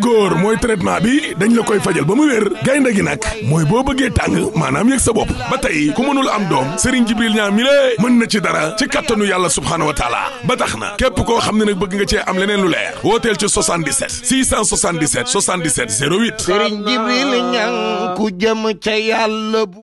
góor mooy traitement bi dañ la koy fajal ba mu wér gaynde gi nag mooy boo bëggee tàng maanaam yëg sa bopp ba tey ku mënul am doom Serigne Jibril ñaa lée mën na ci dara ci kattanu yàlla subhaanahu wa ba tax na képp koo xam ne bëgg nga cee am leneen lu leer wooteel ci 77 677 77 ku jëm ca yàlla bu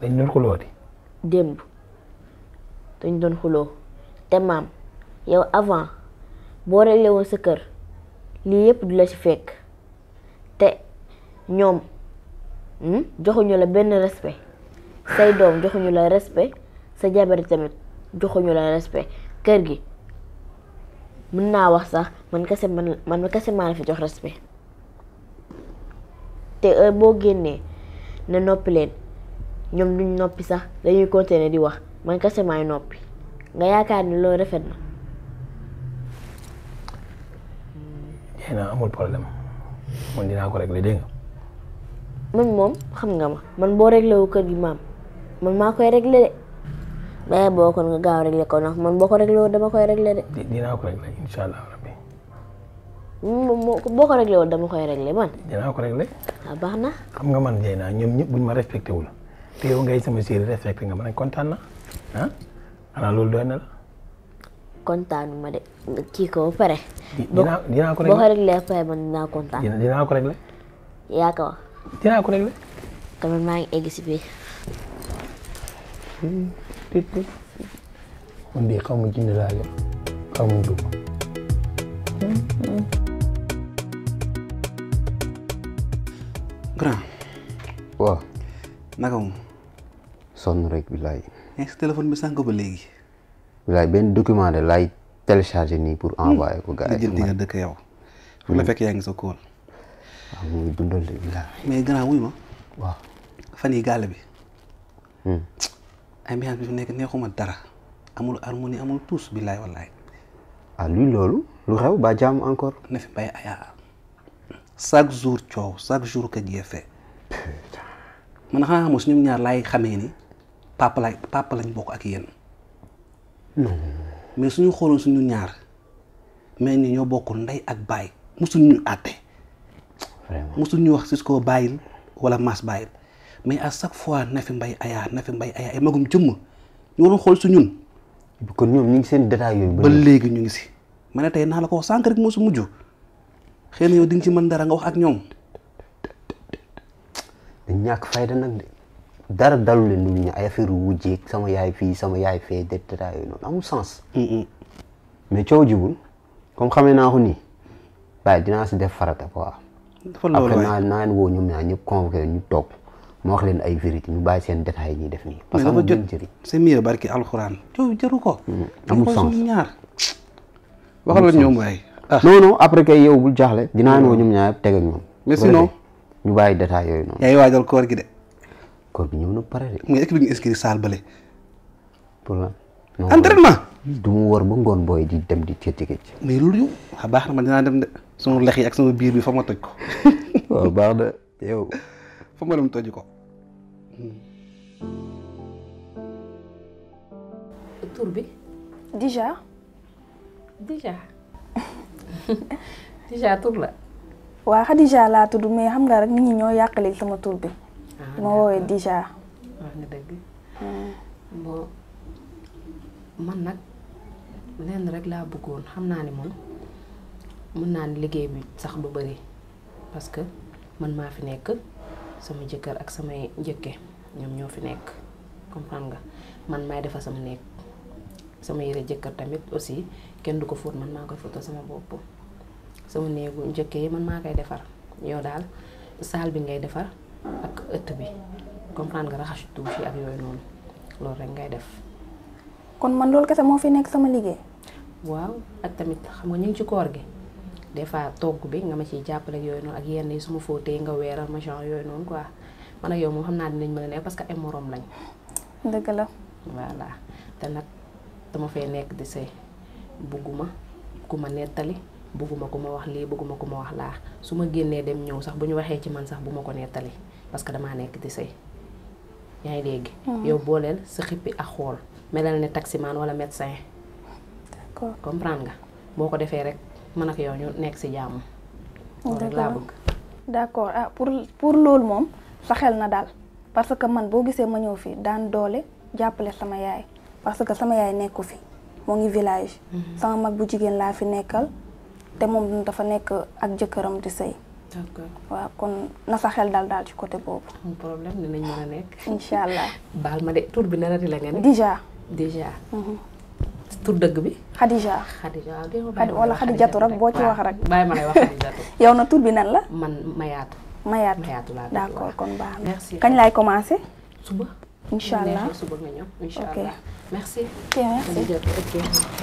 dañ doon xuloo di démb dañ doon xuloo te maam yow avant boo réglé woon sa kër lii yëpp du la ci fekk te ñoom hmm, joxuñu la benn respe say doom joxuñu la respe sa jabar tamit joxuñu la respect kër gi mën naa wax sax man kese man fi jox respect te heure boo génnee ne noppi leen ñoom duñ noppi sax dañuy continuer di wax man kese maay noppi nga yaakaar ni loolu rafet na. xëy eh, na amul problème man dinaa ko régler dégg nga. man moom xam nga man boo réglé wu kër gi maam man maa koy réglé de. boo kon nga gaaw réglé ko ndax man boo ko réglé woon dama koy réglé de. dinaa ko réglé incha allah rabbi. Mm, boo ko réglé woon dama koy réglé man. dinaa ko réglé. ah baax na. xam nga man naa ñoom ñëpp buñ ma respecté wul. te yow ngay sama chérie respecté nga ma ne kontaan na ah xanaa loolu doy na la. kontaanuma de kii ko ba pare. dinaa dinaa ko réglé boo ko réglé ba pare man dinaa kontaan. dinaa ko réglé. yaa ko wax. dinaa ko réglé. kon maa ngi egg si biir. man de xaw ma jënd laa yor xaw ma dugg. grand. waaw. naka moom. sonn rek billaay. est bi sànq ba léegi. billaay benn document de laay téléchargé nii pour envoyer ko. gars yi yow. Hmm. fekk yaa ngi sa kool waaw ah, mu de billaay. mais gannaaw wuy ma. fan yii gàll bi. Hmm. ambiance bi fi nekk neexuma dara. amul harmonie amul tous billaay wallaay. ah luy loolu. lu xew ba jàmm encore. na fi bàyyi ayaa ah, ah. chaque jour coow chaque jour que Dieu fait. man xanaa xamoo su ñoom ñaar laay xamee ni papa laay lañ bokk ak yéen. non mais suñu xooloon suñu ñaar mais ni ñoo bokkul ndey ak baay mosuñ ñu àtte. vraiment mosuñ ñu wax Cisco bàyyil wala Mass bàyyil mais à chaque fois Nafi Mbaye Aya Nafi Mbaye Aya ay magum jëmm ñu xool su ñun. kon ñoom ñu ngi seen détail yooyu. ba léegi ñu ngi si. ma ne tey naa la ko wax rek moo su mujj xëy na yow ci mën dara nga wax ak ñoom. ñàkk fayda nag de dara dalu leen lu ñu ay affaire wujjeeg sama yaay fii sama yaay fee détails yooyu noonu amul sens. mais coow jibul comme xamee naa ko nii waaye dinaa si def farata quoi. dafa loolu après naa naa leen ñu toog ma wax leen ay vérité ñu bàyyi seen détails ñuy def nii. parce que amul benn jëriñ c'est mieux barki alxuraan. coow jaru ko. amul sens ñaar. Ah. bul jaaxle. dinaa leen woo ñoom ñaar teg ak ñu bàyyi détail yooyu noonu. yaa koor gi de. koor gi ñëw na pare de. mais est-ce que duñu saal bële. pour la. du war ba ngoon booy di dem di cëcc cëcc. mais loolu yow ah baax na ma dinaa dem de sama lex yi ak biir bi fa ma toj ko. waaw dem toj ko. tur bi. déjà. déjà. tur la. waa Khadija laa tudd mais xam nga rek nit ñi ñoo yàqale sama tur bi. dama woowee Dija. wax nga dëgg. bon man nag lenn rek laa bëggoon xam naa ne moom mën naa liggéey bi sax du bëri parce que man maa fi nekk sama jëkkër ak samay njëkke ñoom ñoo fi nekk comprendre nga man maay defar sama nekk sama yére jëkkër tamit aussi kenn du ko fóot man maa koy fóotal sama bopp sama neegu njëkk yi man maa koy defar yow daal saal bi ngay defar ak ëtt bi comprendre nga raxasu douche yi ak yooyu noonu loolu rek ngay def. kon man loolu kese moo fi nekk sama liggéey. waaw ak tamit xam nga ñu ngi ci koor gi des fois togg bi nga ma ciy jàppale ak yooyu noonu ak yenn yi su ma fóotee nga weeral ma genre yooyu noonu quoi man ak yow moom xam naa dinañ mën a nekk parce que ay lañ. dëgg la. voilà te nag dama fay nekk di sëy bugguma ku ma bëgguma ko ma wax lii bëgguma ko ma wax laa su ma génnee dem ñëw sax bu ñu waxee ci man sax bu ma ko nettali parce que damaa nekk di sëy yaa ngi dégg. Mm. yow booleel sa xippi ak xool melal ne taximaan wala médecin. d'accord comprendre nga boo ko defee rek mën ak yow ñu nekk si jàmm. d'accord rek laa bëgg. d'accord ah pour pour loolu moom sa xel na daal parce que man boo gisee ma ñëw fii daan doole jàppale sama yaay parce que sama yaay nekku fi moo ngi village. Mm-hmm. sama mag bu jigéen fi nekkal. té mom dafa nek ak jëkëram di sey d'accord waaw kon na sa xel dal dal ci côté bobu un problème dinañ mën a nekk. incha allah ma dé tour bi narati la nga ne. déjà déjà. Mhm. tour dëgg bi. Khadija. Khadija khadija wala khadija tour rek bo ci wax rek. bay ma lay wax khadija yow na tour bi nan la. man mayatu mayatu mayatu la d'accord kon ba merci kañ lay commencer. suba. inshallah suba nga ñëw inshallah merci ok merci. ok